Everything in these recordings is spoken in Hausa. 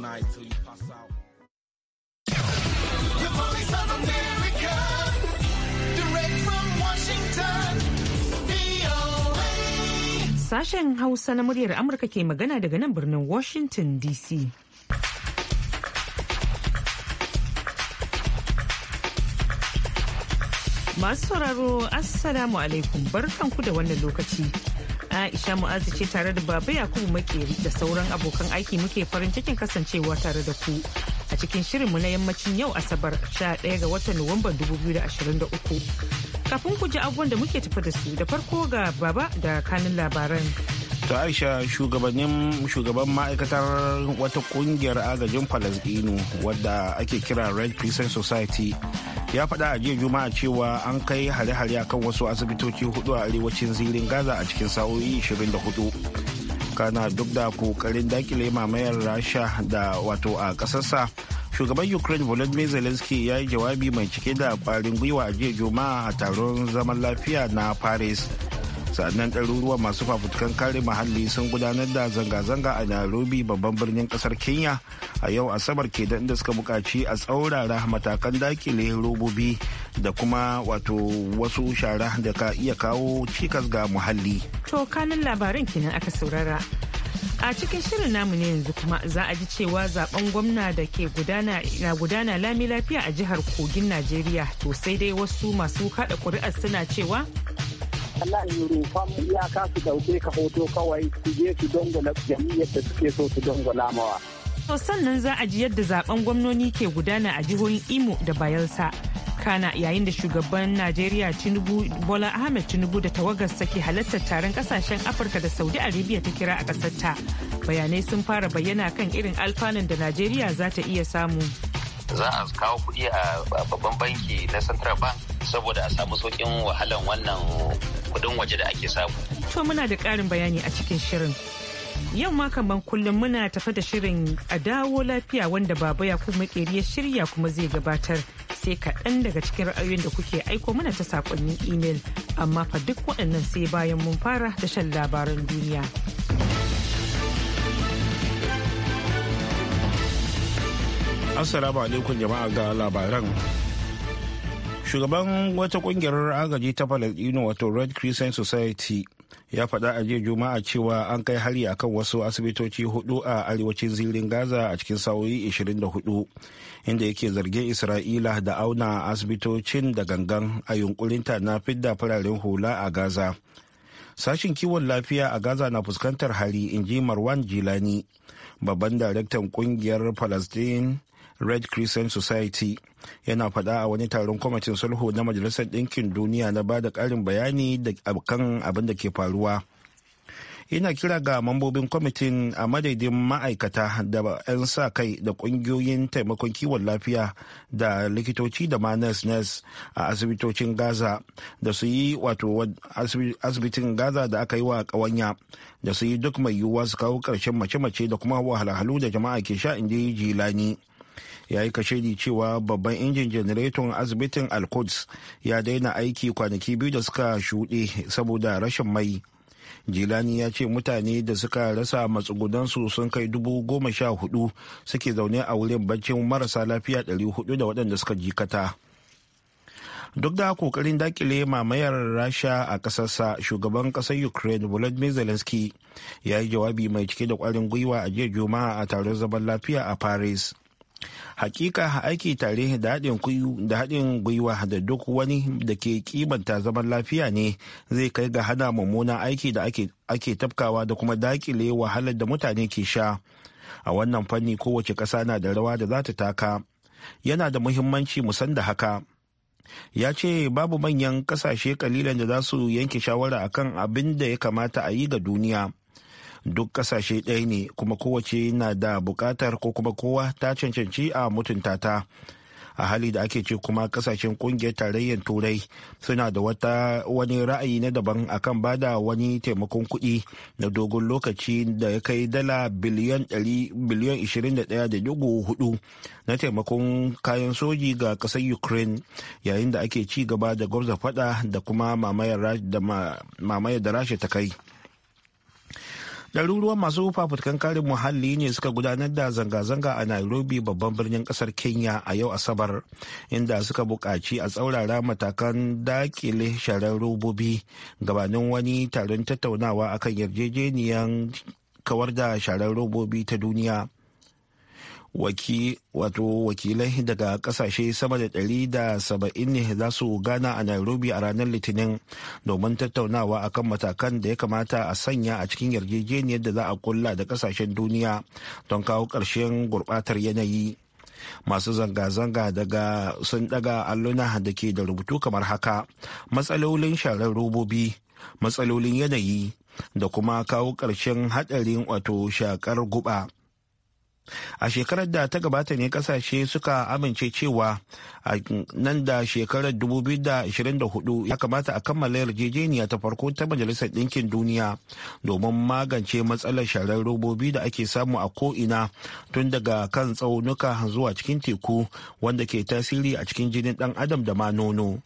night till you pass out. The voice of America, direct from Washington. Sashen Hausa na muryar Amurka ke magana daga nan birnin Washington DC. Masu sauraro, Assalamu alaikum barkanku da wannan lokaci. Aisha Mu'azu ce tare da Baba Yakubu Makeri da sauran abokan aiki muke farin cikin kasancewa tare da ku a cikin shirinmu na yammacin yau Asabar 11 ga watan Nuwamban 2023. Kafin ku ji abubuwan da muke tafi da su da farko ga Baba da kanin labaran. To Aisha shugabannin shugaban ma'aikatar wata kungiyar agajin Falasdinu wadda ake kira Red Crescent Society ya faɗa a jiya Juma'a cewa an kai hare-hare kan wasu asibitoci hudu a arewacin zirin Gaza a cikin sa'o'i 24. Kana duk da kokarin dakile mamayar Rasha da wato a ƙasarsa shugaban ukraine volodymyr zelensky ya yi jawabi mai cike da kwarin gwiwa a jiya juma'a a taron zaman lafiya na paris sa'annan ɗaruruwan masu fafutukan kare muhalli sun gudanar da zanga-zanga a nairobi babban birnin ƙasar kenya a yau asabar ke da suka buƙaci a tsaurara matakan dakile robobi da kuma wato wasu shara da ka iya kawo cikas ga muhalli to kanin labarin kenan aka saurara a cikin shirin namu ne yanzu kuma za a ji cewa zaben gwamna da ke na gudana lami lafiya a jihar kogin najeriya to sai dai wasu masu kada kuri'ar suna cewa wallahi rufan iyaka su dauke ka hoto kawai su je su dongola jami'ar da suke so su dongola mawa. To sannan za a ji yadda zaben gwamnoni ke gudana a jihohin Imo da Bayelsa. Kana yayin da shugaban Najeriya Tinubu Bola Ahmed Tinubu da tawagarsa ke halartar taron kasashen Afirka da Saudi Arabia ta kira a ƙasarta. Bayanai sun fara bayyana kan irin alfanun da Najeriya za ta iya samu. Za a kawo kuɗi a babban banki na Central Bank saboda a samu sauƙin wahalan wannan kudin waje da ake samu. To muna da ƙarin bayani a cikin shirin. Yau ma kamar kullum muna tafa da shirin a dawo lafiya wanda baba ya kuma ya shirya kuma zai gabatar sai kaɗan daga cikin ra'ayoyin da kuke aiko mana ta saƙonnin imel amma fa duk waɗannan sai bayan mun fara da shan labaran duniya. Assalamu alaikum jama'a ga labaran. shugaban wata kungiyar agaji ta palestino wato red crescent society ya faɗa a jiya juma'a cewa an kai hari akan wasu asibitoci hudu a arewacin zirin gaza a cikin sa'o'i 24 inda yake zargin isra'ila da auna asibitocin da gangan a yunkurinta na fidda fararen hula a gaza sashin kiwon lafiya a gaza na fuskantar hari in ji marwan jilani babban daraktan kungiyar palestine red crescent society yana faɗa a wani taron kwamitin sulhu na majalisar ɗinkin duniya na bada karin bayani kan abin da ke faruwa ina kira ga mambobin kwamitin a madaidin ma'aikata da 'yan sa kai da ƙungiyoyin taimakon kiwon lafiya da likitoci da ma nes a asibitocin gaza da su yi wato asibitin gaza da aka yi wa ƙawanya da su yi duk mai yiwuwa su kawo ƙarshen mace-mace da kuma wahalhalu da jama'a ke sha inda yi jilani. ya yi kashedi cewa babban injin janareton asibitin alquds ya daina aiki kwanaki biyu da suka shuɗe saboda rashin mai jilani ya ce mutane da suka rasa matsugudansu sun kai dubu goma sha hudu suke zaune a wurin baccin marasa lafiya ɗari hudu da waɗanda suka jikata duk da kokarin dakile mamayar rasha a ƙasarsa shugaban ƙasar ukraine volodymyr zelensky ya yi jawabi mai cike da kwarin gwiwa a jiya juma'a a taron zaman lafiya a paris hakika aiki tare da haɗin gwiwa da duk wani da ke kimanta zaman lafiya ne zai kai ga hana mummuna aiki da ake tafkawa da kuma dakile wahalar da mutane ke sha a wannan fanni kowace ƙasa na da rawa da za ta taka yana da muhimmanci san da haka ya ce babu manyan ƙasashe kalilan da za su yanke shawara akan abin da ya kamata a yi ga duniya duk kasashe ɗaya ne kuma kowace na da buƙatar ko kuma kowa ta cancanci a mutunta ta a hali da ake ce kuma kasashen kungiyar tarayyar turai suna da wata wani ra'ayi na daban akan bada wani taimakon kuɗi na dogon lokaci da ya kai dala biliyan 21.4 na taimakon kayan soji ga ƙasar ukraine yayin da ake ci gaba da gwamza fada da kuma mamayar da rasha ta kai ɗaruruwan masu fafutukan kare muhalli ne suka gudanar da zanga-zanga a nairobi babban birnin ƙasar kenya a yau asabar inda suka buƙaci a tsaurara matakan dakile sharar robobi gabanin wani taron tattaunawa akan yarjejeniyar kawar da sharar robobi ta duniya wato wakilai daga kasashe sama da da saba'in ne za su gana a nairobi a ranar litinin domin tattaunawa akan matakan da ya kamata a sanya a cikin yarjejeniyar da za a kulla da kasashen duniya don kawo ƙarshen gurɓatar yanayi masu zanga-zanga daga sun daga alluna da ke da rubutu kamar haka matsalolin sharar robobi matsalolin yanayi da kuma kawo ƙarshen haɗarin wato shakar guba a shekarar da ta gabata ne kasashe suka amince cewa a nan da shekarar 2024 ya kamata a kammala yarjejeniya ta farko ta majalisar ɗinkin duniya domin magance matsalar sharar robobi da ake samu a ko'ina tun daga kan tsaunuka zuwa cikin teku wanda ke tasiri a cikin jinin ɗan adam da ma nono.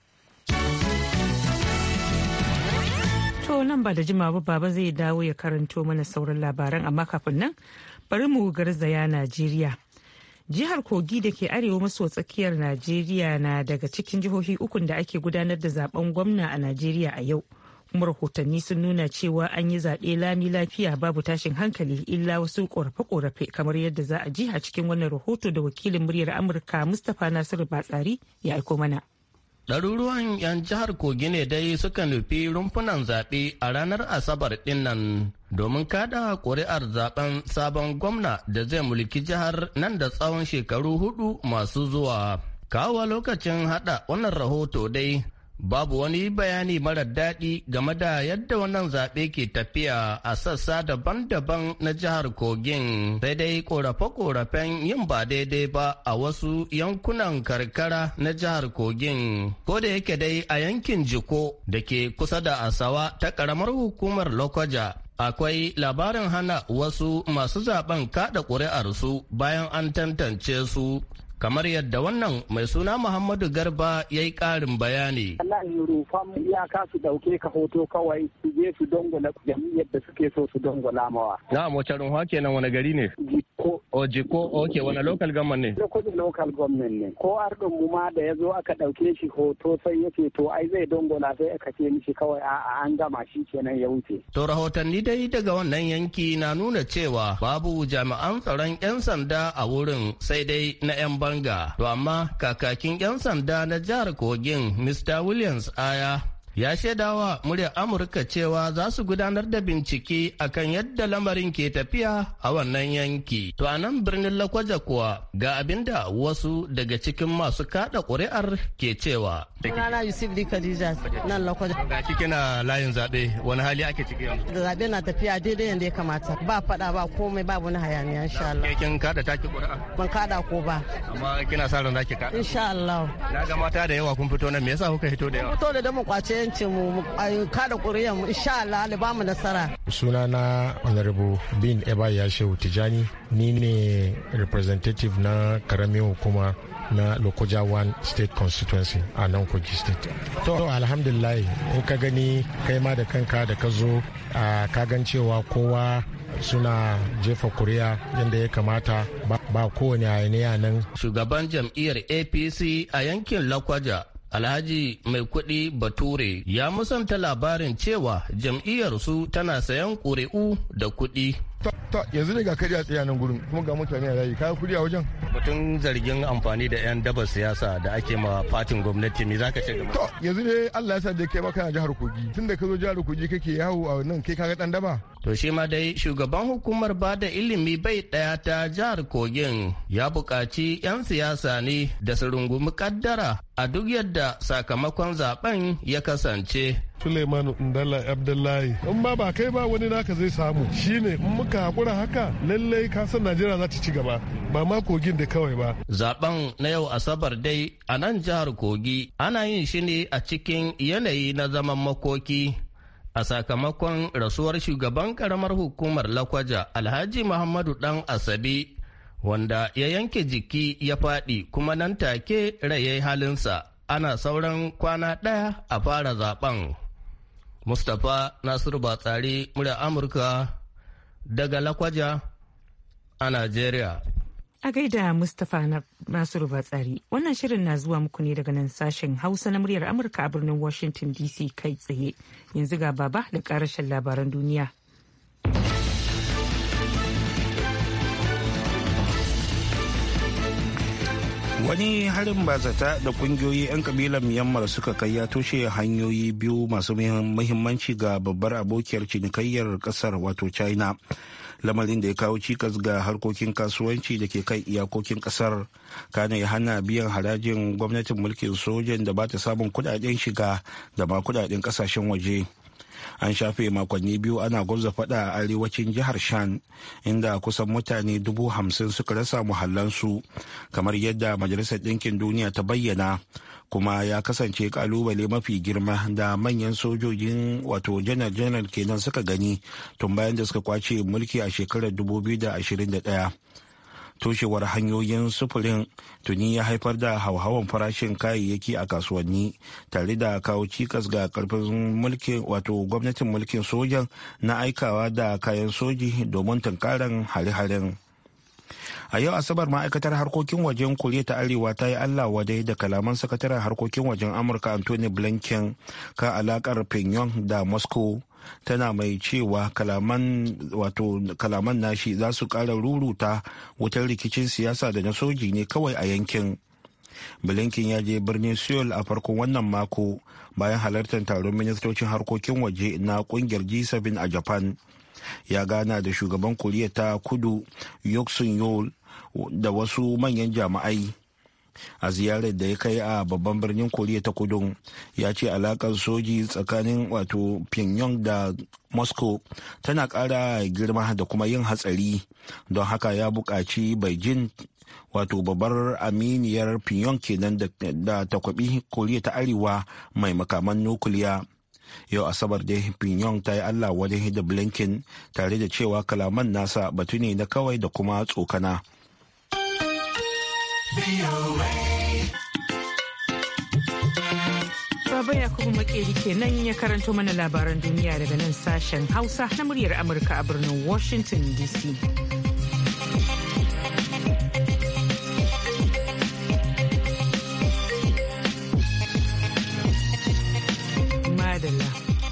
To nan ba da jimawa ba zai dawo ya karanto mana sauran labaran amma kafin nan bari mu garzaya Najeriya. Jihar Kogi da ke arewa maso tsakiyar Najeriya na daga cikin jihohi ukun da ake gudanar da zaben gwamna a Najeriya a yau. Kuma rahotanni sun nuna cewa an yi zaɓe lami lafiya babu tashin hankali illa wasu ƙorafe-ƙorafe kamar yadda za a ji a cikin wannan rahoto da wakilin muryar Amurka Mustapha Nasiru Batsari ya aiko mana. Ɗaruruwan 'yan jihar Kogi ne dai suka nufi rumfunan zaɓe a ranar Asabar ɗinnan domin kada ƙuri'ar zaben sabon gwamna da zai mulki jihar nan da tsawon shekaru hudu masu zuwa. Kawo lokacin haɗa wannan rahoto dai Babu wani bayani mara daɗi game da yadda wannan zaɓe ke tafiya a sassa daban-daban na jihar Kogin sai dai ƙorafe-ƙorafen yin ba daidai ba a wasu yankunan karkara na jihar Kogin. Ko da yake dai a yankin Jiko da ke kusa da Asawa ta ƙaramar hukumar Lokoja akwai labarin hana wasu masu zaben kaɗa ƙuri'arsu bayan an tantance su kamar yadda wannan mai suna Muhammadu Garba ya yi ƙarin bayani. mu rufan iyaka su dauke ka hoto kawai su je su dongola jami'ar da suke so su dongola mawa. Na wace kenan wani gari ne? Jiko. O Jiko, ok wani local government ne? Lokacin local government ne. Ko har mu ma da ya zo aka ɗauke shi hoto sai ya ce to ai zai dongola sai aka ce mishi kawai a'a an gama shi kenan ya wuce. To rahotanni dai daga wannan yanki na nuna cewa babu jami'an tsaron 'yan sanda a wurin sai dai na 'yan banga to amma kakakin 'yan sanda na jihar kogin mr williams aya ya shaidawa muryar amurka cewa za su gudanar da bincike akan yadda lamarin ke tafiya a wannan yanki to a nan birnin lakwaja kuwa ga abinda wasu daga cikin masu kada ƙuri'ar ke cewa Sunana Yusuf Di Khadija nan Lokoja. Ga shi kina layin zaɓe wani hali ake ciki yanzu? Zaɓe na tafiya daidai yadda ya kamata ba faɗa ba komai ba wani hayaniya insha Allah. Ke kin kada taki ƙuri'a? Ban kada ko ba. Amma kina sa ran zaki kada? Insha Allah. Na ga mata da yawa kun fito nan me yasa kuka fito da yawa? Fito da mu kwace yancin mu kada ƙuri'an mu insha Allah Allah ba mu nasara. Sunana Honorable Bin Eba Yashewu Tijani ni ne representative na karamin hukuma na Lokoja 1 State Constituency a nan kogi state to alhamdulillah in ka gani kai ma da kanka da ka zo ka gan cewa kowa suna jefa kuriya yadda ya kamata ba kowane hayaniya nan. Shugaban jam'iyyar APC a yankin Lakwaja Alhaji mai kuɗi Bature ya musanta labarin cewa jam'iyyarsu tana sayan ƙuri'u da kuɗi. Ta yanzu ne ga kariya tsaye nan gurin kuma ga mutane a layi kayan kuɗi a wajen. Batun zargin amfani da 'yan dabar siyasa da ake ma fatin gwamnati me zaka ce game? To yanzu ne Allah ya sa da kai baka jihar Kogi tunda ka zo jihar Kogi kake yawo a nan kai kaga dan daba. To shi ma dai shugaban hukumar ba da ilimi bai ɗaya ta jihar Kogin ya buƙaci 'yan siyasa ne da su rungumi kaddara a duk yadda sakamakon zaben ya kasance. Suleiman Ndala Abdullahi in ba ba kai ba wani naka zai samu shine in muka hakura haka lallai ka san Najeriya za ta ci gaba ba ma kogin da kawai ba zaben na yau asabar dai a nan jihar Kogi ana yin shi ne a cikin yanayi na zaman makoki a sakamakon rasuwar shugaban karamar hukumar Lakwaja Alhaji Muhammadu Dan Asabi wanda ya yanke jiki ya faɗi kuma nan take raye halinsa ana sauran kwana ɗaya a fara zaben. Mustapha Nasiru Batsari murya Amurka daga Lakwaja a Najeriya. A gaida Mustapha Nasiru Batsari wannan shirin na zuwa muku ne daga nan sashen Hausa na muryar Amurka a birnin Washington DC kai tsaye yanzu ga baba da ƙarashin labaran duniya. wani harin bazata da kungiyoyi 'yan kabilar myanmar suka kai ya toshe hanyoyi biyu masu muhimmanci ga babbar abokiyar cinikayyar kasar wato china lamarin da ya kawo cikas ga harkokin kasuwanci da ke kai iyakokin kasar ya hana biyan harajin gwamnatin mulkin sojan da ba ta samun kudaden shiga da ma kudaden kasashen waje. an shafe makonni biyu ana gwamza fada a arewacin jihar shan inda kusan mutane dubu hamsin suka rasa muhallansu kamar yadda majalisar ɗinkin duniya ta bayyana kuma ya kasance kalubale mafi girma da manyan sojojin wato janar janar kenan suka gani tun bayan da suka kwace mulki a shekarar 2021 toshewar hanyoyin sufurin tuni ya haifar da hauhawan farashin kayayyaki a kasuwanni tare da kawo cikas ga karfin mulkin wato gwamnatin mulkin sojan na aikawa da kayan soji domin tunkaran hare-haren a yau asabar ma'aikatar harkokin wajen koriya ta arewa ta yi allah wadai da kalaman sakataren harkokin wajen amurka anthony blinken kan alakar pyongyang da moscow tana mai cewa kalaman wato kalaman nashi za su kara ruruta wutar rikicin siyasa da na soji ne kawai a yankin blinken ya je birnin seoul a farkon wannan mako bayan halartar taron ministocin harkokin waje na kungiyar g7 a japan ya gana da shugaban koriya ta kudu yoksun yol da wasu manyan jami'ai a ziyarar da ya kai a babban birnin koriya ta kudu ya ce alakar soji tsakanin wato pyongyang da moscow tana kara girma da kuma yin hatsari don haka ya buƙaci beijing wato babbar aminiyar pyongyang kenan da takwabi koriya ta arewa mai makaman nukuliya yau asabar dai pyongyang ta yi allah wajen hidda blinken tare da cewa kalaman nasa batu ne na kawai da kuma tsokana Baba Yakubu Makeri kenan ya karanto mana labaran duniya daga nan sashen Hausa na muryar Amurka a birnin Washington DC.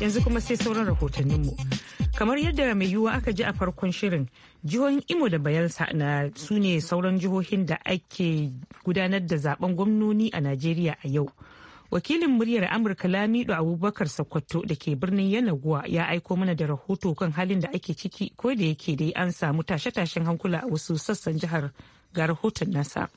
yanzu kuma sai sauran rahotanninmu kamar yadda mai yiwuwa aka ji a farkon shirin jihohin imo da bayelsa na su ne sauran jihohin da ake gudanar da zaben gwamnoni a najeriya a yau wakilin muryar amurka lamido abubakar sokoto da ke birnin yanaguwa ya aiko mana da rahoto kan halin da ake ciki ko da yake dai an samu tashe-tashen hankula a wasu sassan jihar ga rahoton nasa.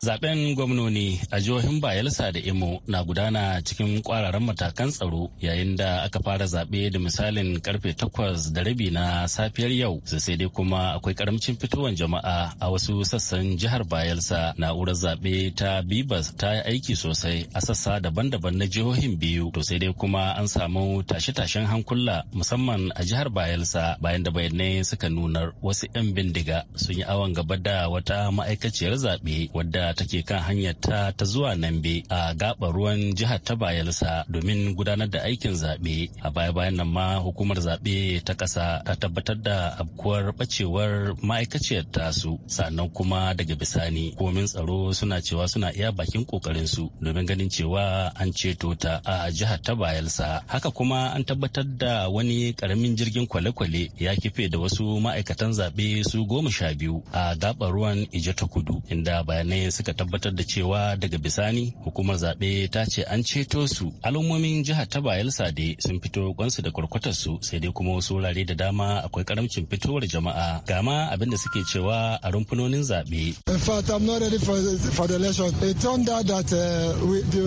Zaben gwamnoni a jihohin Bayelsa da Imo na gudana cikin kwararan matakan tsaro yayin da aka fara zaɓe da misalin karfe takwas da rabi na safiyar yau sai dai kuma akwai karamcin fitowar jama'a a wasu sassan jihar Bayelsa na'urar zaɓe ta Bibas ta yi aiki sosai a sassa daban-daban na jihohin biyu to sai dai kuma an samu tashe-tashen hankula musamman a jihar Bayelsa bayan da bayanai suka nunar wasu 'yan bindiga sun yi awon gaba da wata ma'aikaciyar zaɓe wadda take kan hanyar ta ta zuwa Nambe a gabar ruwan jihar ta Bayelsa domin gudanar da aikin zaɓe. A baya-bayan nan ma hukumar zaɓe ta ƙasa ta tabbatar da abkuwar bacewar ma'aikaciyar tasu sannan kuma daga bisani komin tsaro suna cewa suna iya bakin ƙoƙarinsu domin ganin cewa an ceto ta a jihar ta Bayelsa. Haka kuma an tabbatar da wani ƙaramin jirgin kwale-kwale ya kife da wasu ma'aikatan zaɓe su goma sha biyu a gaɓar ruwan Ije ta Kudu inda bayanai suka tabbatar da cewa daga bisani hukumar zaɓe ta ce an ceto su al'ummomin jihar ta bayelsa da sun fito kwansu da kwarkwatarsu sai dai kuma wasu wurare da dama akwai karamcin fitowar jama'a ga ma abin da suke cewa a rumfunonin zaɓe. Uh,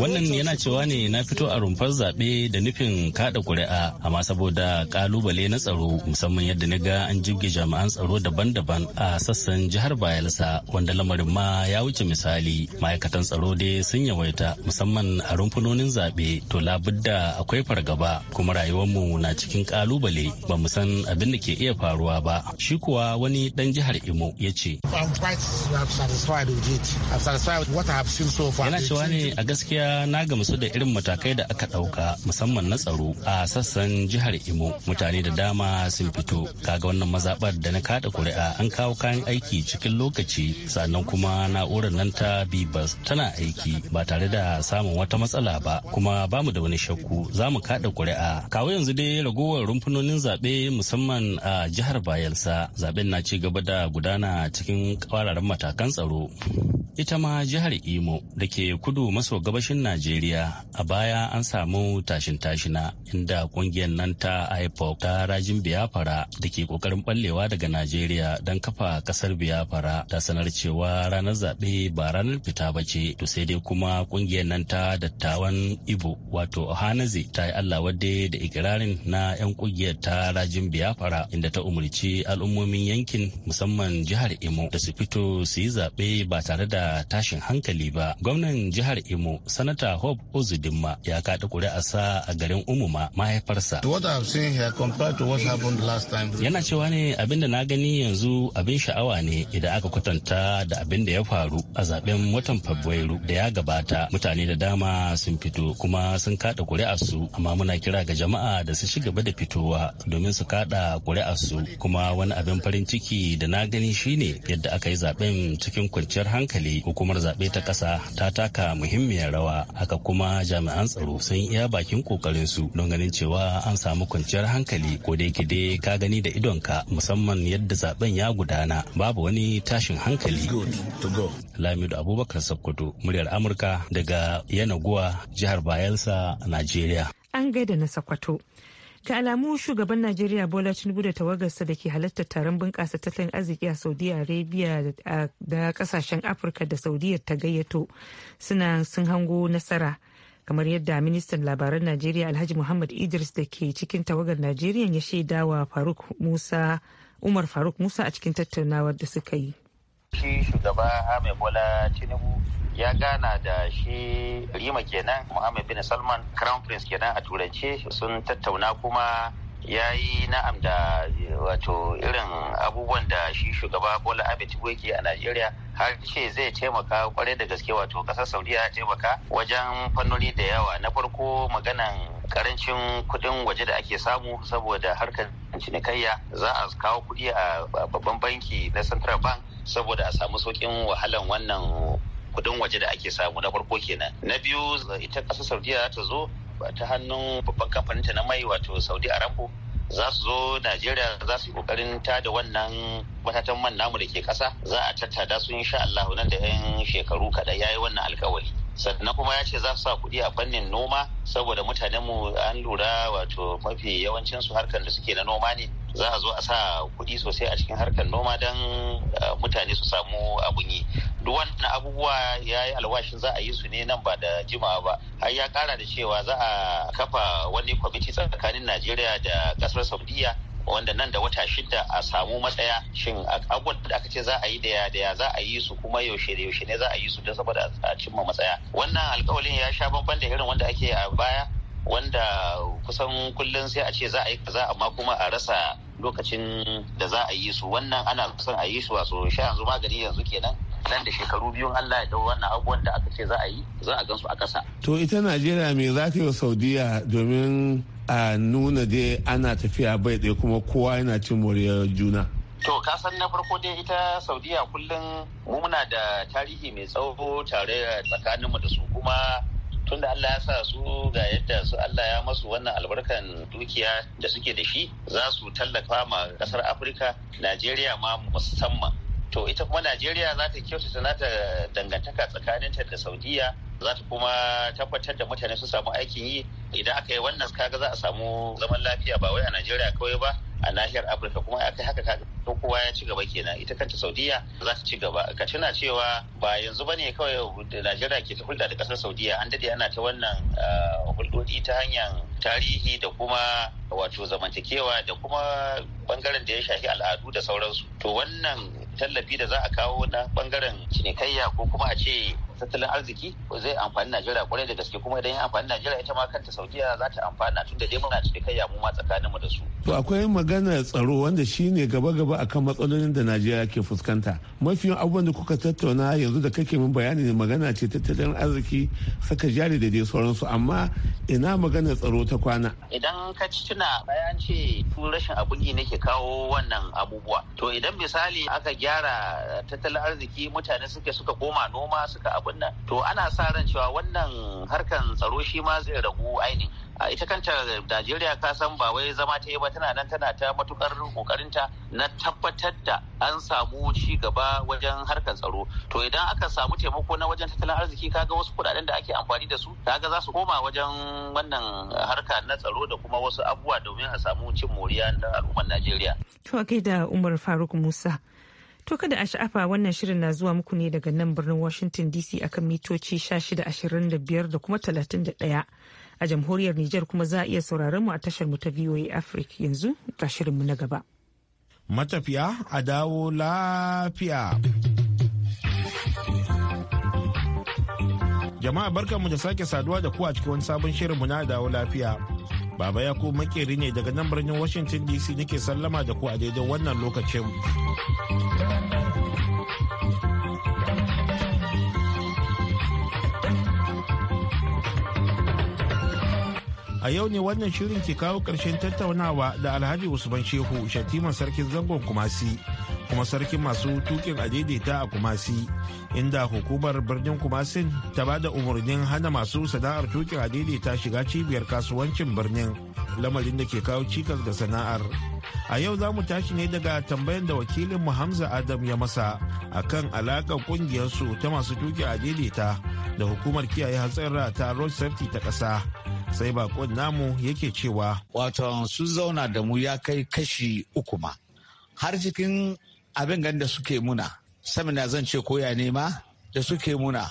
Wannan yana cewa ne na fito a rumfar zaɓe da nufin kaɗa ƙuri'a amma saboda ƙalubale na tsaro musamman yadda na ga an jibge jami'an tsaro daban-daban a sassan jihar Bayelsa wanda lamarin ma ya wuce misali. misali ma'aikatan tsaro dai sun yawaita musamman a rumfunonin zaɓe to labudda akwai fargaba kuma rayuwarmu na cikin kalubale ba mu san abin da ke iya faruwa ba shi kuwa wani dan jihar imo ya ce yana cewa ne a gaskiya na gamsu da irin matakai da aka ɗauka musamman na tsaro a sassan jihar imo mutane da dama sun fito kaga wannan mazaɓar da na kada kuri'a an kawo kayan aiki cikin lokaci sannan kuma na'urar nan makaranta bibas tana aiki ba tare da samun wata matsala ba kuma ba mu da wani shakku za mu kada kuri'a kawo yanzu dai ragowar rumfunonin zaɓe musamman a jihar bayelsa zaɓen na ci gaba da gudana cikin ƙwararren matakan tsaro ita ma jihar imo da ke kudu maso gabashin najeriya a baya an samu tashin tashina inda ƙungiyar nan ta ipoc ta rajin biyafara da ke kokarin ballewa daga najeriya don kafa kasar biyafara ta sanar cewa ranar zaɓe ba ba ranar fita ba ce to sai dai kuma kungiyar nan ta dattawan ibo wato ohanaze ta yi allah wadda da ikirarin na 'yan kungiyar ta rajin biyafara inda ta umarci al'ummomin yankin musamman jihar imo da su fito su yi zaɓe ba tare da tashin hankali ba gwamnan jihar imo sanata hob ozudinma ya kaɗa ƙuri'arsa a garin umuma mahaifarsa yana cewa ne abinda na gani yanzu abin sha'awa ne idan aka kwatanta da abin da ya faru a zaben watan fabrairu da ya gabata mutane da dama sun fito kuma sun kada su amma muna kira ga jama'a da su ci gaba da fitowa domin su kada su kuma wani abin farin ciki da na gani shine yadda aka yi zaben cikin kwanciyar hankali hukumar zaɓe ta ƙasa ta taka muhimmiyar rawa haka kuma jami'an tsaro sun iya bakin kokarin su don ganin cewa an samu kwanciyar hankali ko da yake dai ka gani da idonka musamman yadda zaben ya gudana babu wani tashin hankali. Lamido Abubakar Sokoto, muryar Amurka daga Yanaguwa, jihar Bayelsa, Najeriya. An gaida na Sokoto. Ga alamu shugaban Najeriya Bola Tinubu da tawagarsa da ke halartar taron bunƙasa tattalin arziki a Saudi Arabia da kasashen Afirka da Saudiya ta gayyato suna sun hango nasara. kamar yadda ministan labaran Najeriya Alhaji Muhammad Idris da ke cikin tawagar Najeriya ya shaidawa Faruk Musa Umar Faruk Musa a cikin tattaunawar da suka yi. shi shugaba ahmed bola tinubu ya gana da shi rima kenan muhammad bin salman crown prince kenan a turance sun tattauna kuma ya yi na'am da wato irin abubuwan da shi shugaba bola ahmed tinubu yake a najeriya har ce zai taimaka kwarai da gaske wato kasar saudiya taimaka wajen fannoni da yawa na farko maganan karancin kuɗin waje da ake samu saboda harkar cinikayya za a kawo kuɗi a babban banki na central bank saboda a samu sauƙin wahalan wannan kudin waje da ake samu na farko kenan na biyu ita ƙasar saudiya ta zo ta hannun babban kamfanin ta na mai wato saudi arabu za su zo najeriya za su yi kokarin ta da wannan matatan man namu da ke ƙasa za a tattada su insha allahu nan da 'yan shekaru kaɗan yayi wannan alkawari sannan kuma ya ce za su sa kuɗi a fannin noma saboda mutanen mu an lura wato mafi yawancinsu harkar da suke na noma ne za a zo a sa kuɗi sosai a cikin harkar noma don eh, mutane su samu abun yi duk wannan abubuwa ya yi alwashin za a yi su ne nan ba da jimawa ba har ya kara da cewa za a kafa wani kwamiti tsakanin najeriya da kasar saudiya wanda nan da wata shida a samu matsaya shin abubuwan da aka ce za a yi da ya za a yi su kuma yaushe da yaushe ne za a yi su don saboda a cimma matsaya wannan alkawalin ya sha bamban da irin wanda ake a baya wanda kusan kullum sai a ce za a yi kaza amma kuma a rasa lokacin da za a yi su wannan ana kusan a yi su wasu sha yanzu magani yanzu kenan nan da shekaru biyu Allah ya dau wannan abubuwan da aka ce za a yi za a gansu a ƙasa. To ita Najeriya me za ta yi wa Saudiya domin a nuna dai ana tafiya bai ɗaya kuma kowa yana cin moriyar juna To kasan na farko dai ita Saudiya kullum mu muna da tarihi mai tsawo tare tsakaninmu da su kuma tunda Allah ya sa su ga yadda su Allah ya masu wannan albarkan dukiya da suke da shi za su tallafa ma kasar Afirka Najeriya ma musamman. To ita kuma Najeriya za ta kyautata nata dangantaka tsakaninta da Saudiya za ta kuma tabbatar da mutane su samu aikin yi idan aka yi wannan kaga za a samu zaman lafiya ba wai a najeriya kawai ba a nahiyar afirka kuma ya kai haka kaga to kowa ya ci gaba kenan ita kanta saudiya za ta ci gaba ka tuna cewa ba yanzu bane kawai najeriya ke ta hulɗa da ƙasar saudiya an dade ana ta wannan ah, hulɗoɗi ta hanyar tarihi da kuma wato zamantakewa da kuma bangaren da ya shafi al'adu da sauransu to wannan tallafi da za a kawo na bangaren cinikayya ko kuma a ce tattalin arziki zai amfani Najeriya kwarai da gaske kuma idan ya amfani Najeriya ita ma kanta Saudiya za ta amfana tun da dai muna ya mu ma tsakaninmu da su. To akwai maganar tsaro wanda shine gaba-gaba akan matsalolin da Najeriya ke fuskanta. Mafiyan abubuwan da kuka tattauna yanzu da kake min bayani ne magana ce tattalin arziki saka jari da dai sauransu amma ina magana tsaro ta kwana. Idan ka tuna bayan ce tun rashin abun yi ne ke kawo wannan abubuwa. To idan misali aka gyara tattalin arziki mutane suke suka koma noma suka abu abin to ana sa ran cewa wannan harkan tsaro shi ma zai ragu ainihin a ita kanta Najeriya ka san ba wai zama ta yi ba tana nan tana ta matukar kokarinta na tabbatar da an samu ci gaba wajen harkar tsaro to idan aka samu taimako na wajen tattalin arziki kaga wasu kudaden da ake amfani da su kaga za su koma wajen wannan harka na tsaro da kuma wasu abubuwa domin a samu cin moriya na al'ummar Najeriya to da Umar Faruk Musa To kada a sha'afa wannan shirin na zuwa muku ne daga nan birnin Washington DC akan mitoci 1625 da kuma 31 a jamhuriyar Nijar kuma za a iya sauraron mu a tashar mu ta VOA Africa yanzu ga shirinmu na gaba. Matafiya a dawo lafiya. Jama'a barkanmu da sake saduwa da ku a cikin wani sabon shirinmu na dawo lafiya. Baba ya ku makeri ne daga nan birnin Washington DC nake sallama da ku a daidai wannan lokacin. a yau ne wannan shirin ke kawo ƙarshen tattaunawa da alhaji usman shehu shatiman sarkin zangon kumasi kuma sarkin masu tukin adaidaita a kumasi inda hukumar birnin kumasin ta ba da umarnin hana masu sana'ar tukin adaidaita shiga cibiyar kasuwancin birnin lamarin da ke kawo cikas ga sana'ar a yau za mu tashi ne daga tambayan da wakilin mu hamza adam ya masa a kan alaƙar ƙungiyarsu ta masu tuki adaidaita da hukumar kiyaye hatsarra ta road safety ta ƙasa sai bakon namu yake cewa wato sun zauna da mu ya kai kashi uku ma har cikin abin gan da suke muna samina zan ce koya ne ma da suke muna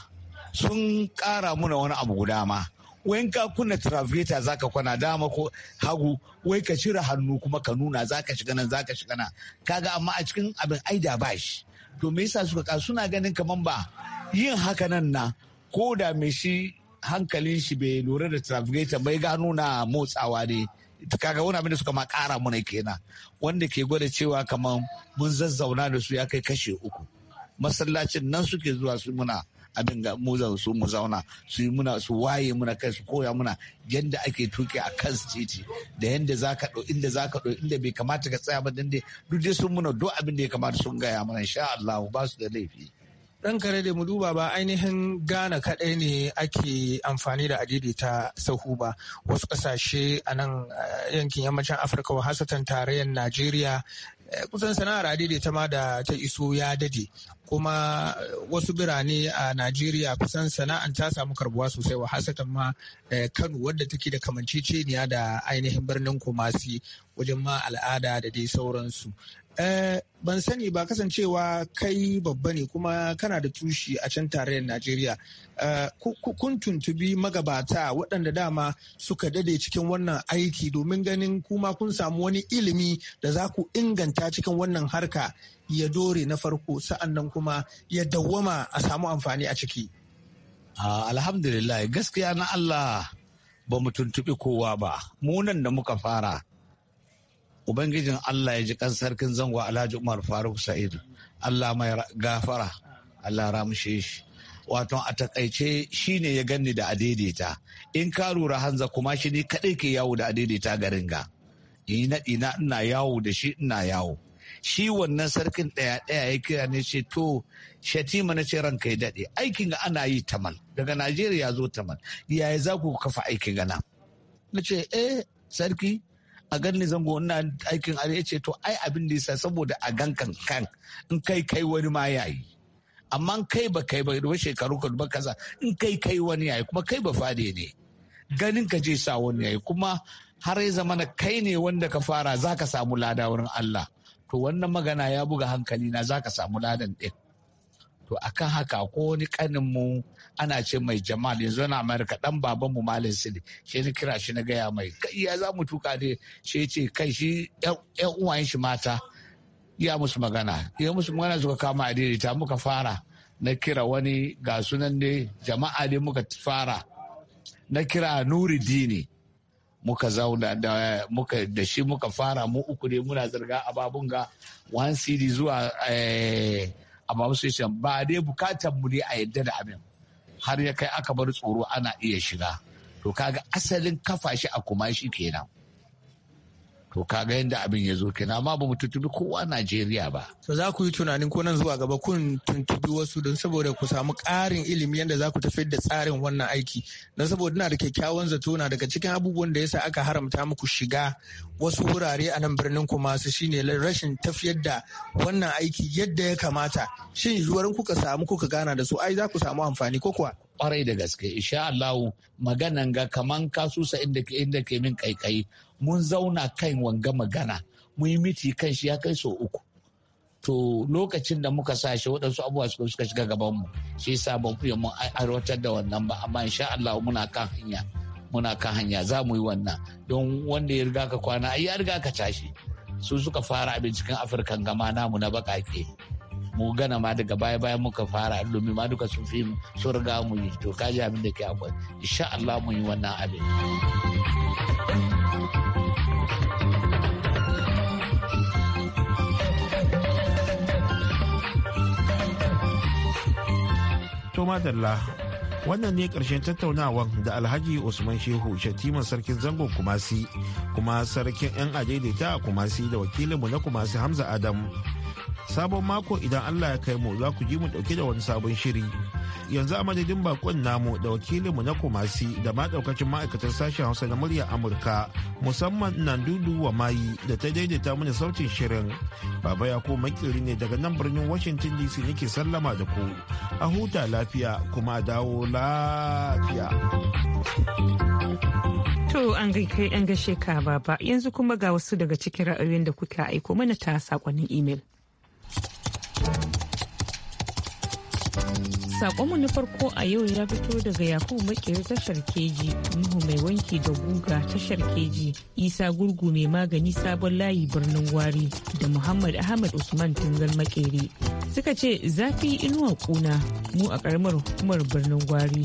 sun ƙara muna wani abu guda ma wayan ka kunna za zaka kwana dama ko hagu wai ka cire hannu kuma ka nuna zaka shiga nan zaka shiga nan kaga amma a cikin abin aida ba shi to me yasa suka ka suna ganin kaman ba yin haka nan na ko da me shi hankalin shi bai lura da travita bai gano na motsawa ne kaga wani abin da suka ma kara mana kenan wanda ke gwada cewa kamar mun zazzauna da su ya kai kashe uku masallacin nan suke zuwa su muna abin ga mu su mu zauna su yi muna su waye muna kai su koya muna yadda ake tuke a kan titi da yadda za ka ɗo, inda za ka ɗo, inda bai kamata ka tsaya ba dande duk dai sun muna duk abin da ya kamata sun gaya mana insha Allah ba su da laifi ɗan kare da mu duba ba ainihin Ghana kaɗai ne ake amfani da adidi ta sahu ba wasu ƙasashe a nan eh, yankin yammacin Afirka wa hasatan tarayyar Najeriya eh, kusan sana'ar adidi ta ma da ta iso ya dade kuma wasu birane a najeriya kusan sana'an ta samu karbuwa sosai wa hasatan ma eh, kano wadda take da kamanceceniya da ainihin birnin kumasi wajen ma al'ada da dai sauransu eh, ban sani ba kasancewa kai babba ne kuma kana da tushi a can tarayyar najeriya eh, kun tuntubi magabata waɗanda dama suka dade cikin wannan aiki domin ganin kuma kun samu wani ilimi da za ku inganta cikin wannan harka ya dore na farko sa'annan kuma ya dawwama a samu amfani a ciki alhamdulillah gaskiya na Allah ba mu tuntuɓi kowa ba munan da muka fara ubangijin Allah ya ji kan sarkin zango Alhaji Umar Faruk Sa'id Allah mai gafara Allah ramshe shi wato a takaice ne ya ganni da adaidaita in ka lura hanza kuma shi ne kaɗai ke yawo da adaidaita garin ga ina naɗi ina yawo da shi ina yawo shi wannan sarkin ɗaya ɗaya ya kira ne ce to shatima na ce ranka ya daɗe aikin ga ana yi tamal daga najeriya zo tamal yaya za ku kafa aikin gana na ce eh sarki a ganin zango na aikin a ya ce to ai abin da yasa saboda a gan kan kan in kai kai wani ma yayi amma kai ba kai ba ba shekaru ka ba kaza in kai kai wani yayi kuma kai ba fade ne ganin ka je sa wani yayi kuma har ya zama na kai ne wanda ka fara za ka samu lada wurin Allah to wannan magana ya buga hankali na za ka samu ladan ɗin to a kan haka ko wani kanin mu ana ce mai jamal yanzu na amerika ɗan baban mu malin sidi shi ni kira shi na gaya mai kai ya za mu tuka ne shi ce kai shi yan uwayen shi mata ya musu magana ya musu magana suka kama a ta muka fara na kira wani ga sunan ne jama'a ne muka fara na kira nuri dini muka zauna da muka da shi muka fara mu uku ne muna zarga a ga one cd zuwa eh, a association ba dai bukatar mu ne a yadda da abin har ya kai aka bar tsoro ana iya shiga to kaga asalin kafa shi a kuma shi kenan to kaga yadda abin ya zo kenan amma ba mu tuntubi kowa Najeriya ba. To za ku yi tunanin ko nan zuwa gaba kun tuntubi wasu don saboda ku samu ƙarin ilimi yadda za ku tafi da tsarin wannan aiki don saboda na da kyakkyawan zato na daga cikin abubuwan da yasa aka haramta muku shiga wasu wurare a nan birnin ku masu shine rashin tafiyar da wannan aiki yadda ya kamata shin yiwuwar kuka samu kuka gana da su ai za ku samu amfani ko kuwa. Kwarai da gaske, insha Allah maganan ga kaman kasusa inda ke min kaikai mun zauna kan wanga magana mun yi miti kan shi ya kai so uku to lokacin da muka sa shi waɗansu abubuwa suka suka shiga gaban mu shi yasa ban fiye mun aiwatar da wannan ba amma insha Allah muna kan hanya muna kan hanya za mu yi wannan don wanda ya riga ka kwana ai ya riga ka tashi su suka fara a binciken afirkan gama namu na baƙaƙe mu gana ma daga baya baya muka fara domin ma duka sun fi sun riga mu yi to ka ji abin da ke akwai insha Allah mu yi wannan abin. To madalla wannan ne ƙarshen tattaunawan da alhaji usman shehu shatiman sarkin zangon kumasi kuma sarkin 'yan adaidaita a kumasi da wakilinmu na kumasi hamza adam sabon mako idan Allah ya kai mu za ku ji mu dauke da wani sabon shiri yanzu a madadin bakon namu da wakilin mu na kumasi da ma daukacin ma'aikatar sashen hausa na muryar amurka musamman nandudu wa mayi da ta daidaita mana sautin shirin baba ya ko makiri ne daga nan birnin washington dc nake sallama da ku a huta lafiya kuma a dawo lafiya To an gaishe ka baba yanzu kuma ga wasu daga cikin ra'ayoyin da kuka aiko mana ta sakonnin imel. Sakonmu na farko a yau ya fito daga Yakubu Makeri tashar keji, Nuhu mai wanki da guga tashar keji, Isa Gurgu mai magani sabon layi birnin Wari da Muhammad Ahmad Usman Tungal makere Suka ce zafi inuwa kuna mu a karamar hukumar birnin Gwari.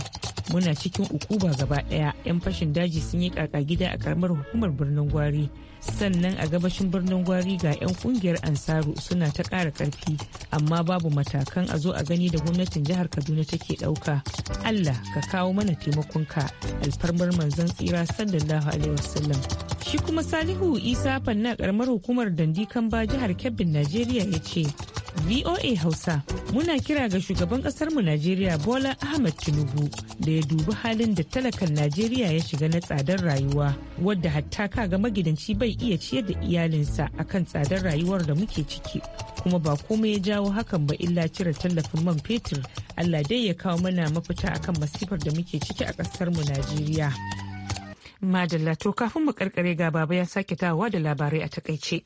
Muna cikin ukuba gaba ɗaya 'yan fashin daji sun yi kaka gida a karamar hukumar birnin Gwari. sannan a gabashin birnin gwari ga 'yan kungiyar ansaru suna ta ƙara ƙarfi amma babu matakan a zo a gani da gwamnatin jihar kaduna take ɗauka allah ka kawo mana taimakon ka alfarmar manzon tsira sallallahu alaihi wasallam shi kuma salihu isa fanna karamar hukumar dandikan ba jihar kebbin najeriya ya ce VOA Hausa muna kira ga shugaban mu Najeriya Bola Ahmed Tinubu da ya dubi halin da talakan Najeriya ya shiga na tsadar rayuwa wadda hatta ga magidanci bai iya ciyar da iyalinsa akan tsadar rayuwar da muke ciki kuma ba komai ya jawo hakan ba illa cire tallafin man fetur Allah dai ya kawo mana mafita akan masifar da muke ciki a mu Najeriya. Madalla to kafin mu karkare ga baba ya sake tawa da labarai a takaice.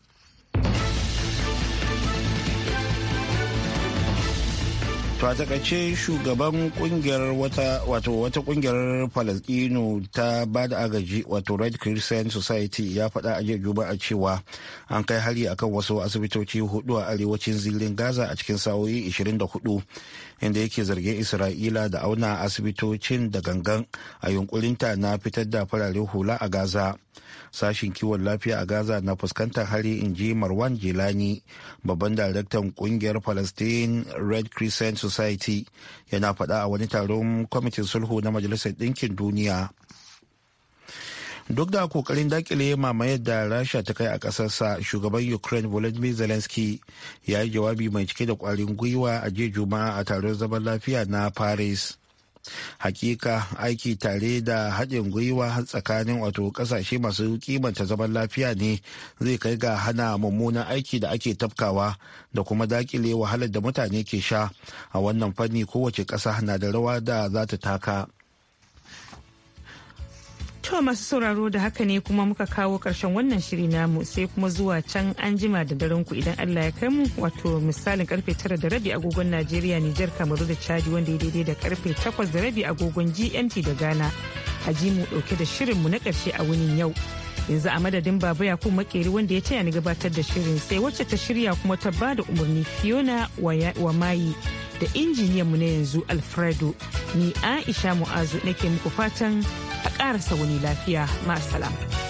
to a takaice shugaban kungiyar wata wato wata kungiyar palestino ta ba da agaji wato red christian society ya faɗa a jiya a cewa an kai hari akan wasu asibitoci hudu a arewacin zirin gaza a cikin sa'o'i 24 inda yake zargin isra'ila da auna asibitocin da gangan a yunkurinta na fitar da fararen hula a gaza sashin kiwon lafiya a gaza na fuskantar hari in ji marwan jelani babban daraktan kungiyar palestine red crescent society yana faɗa a wani taron kwamitin sulhu na majalisar ɗinkin duniya duk da kokarin dakile mamayar da rasha ta kai a ƙasarsa shugaban ukraine volodymyr zelensky ya yi jawabi mai cike da ƙwarin gwiwa a jiya juma'a a taron zaman lafiya na paris hakika aiki tare da haɗin gwiwa tsakanin wato ƙasashe masu kimanta zaman lafiya ne zai kai ga hana mummunan aiki da ake tafkawa da kuma daƙile wahalar da mutane ke sha a wannan fanni kowace ƙasa na da rawa da za ta taka To masu sauraro da haka ne kuma muka kawo karshen wannan shiri namu sai kuma zuwa can an jima da daren ku idan Allah ya kai mu wato misalin karfe tara da rabi agogon Najeriya Nijar Kamaru da Chadi wanda ya daidai da karfe takwas da rabi agogon GMT da Ghana. A ji mu dauke da mu na karshe a wunin yau. Yanzu a madadin Baba yakub Makeri wanda ya taya ni gabatar da shirin sai wacce ta shirya kuma ta ba da umarni Fiona wa mayi da mu na yanzu Alfredo. Ni Aisha Mu'azu nake muku fatan ƙarasa wani lafiya. salama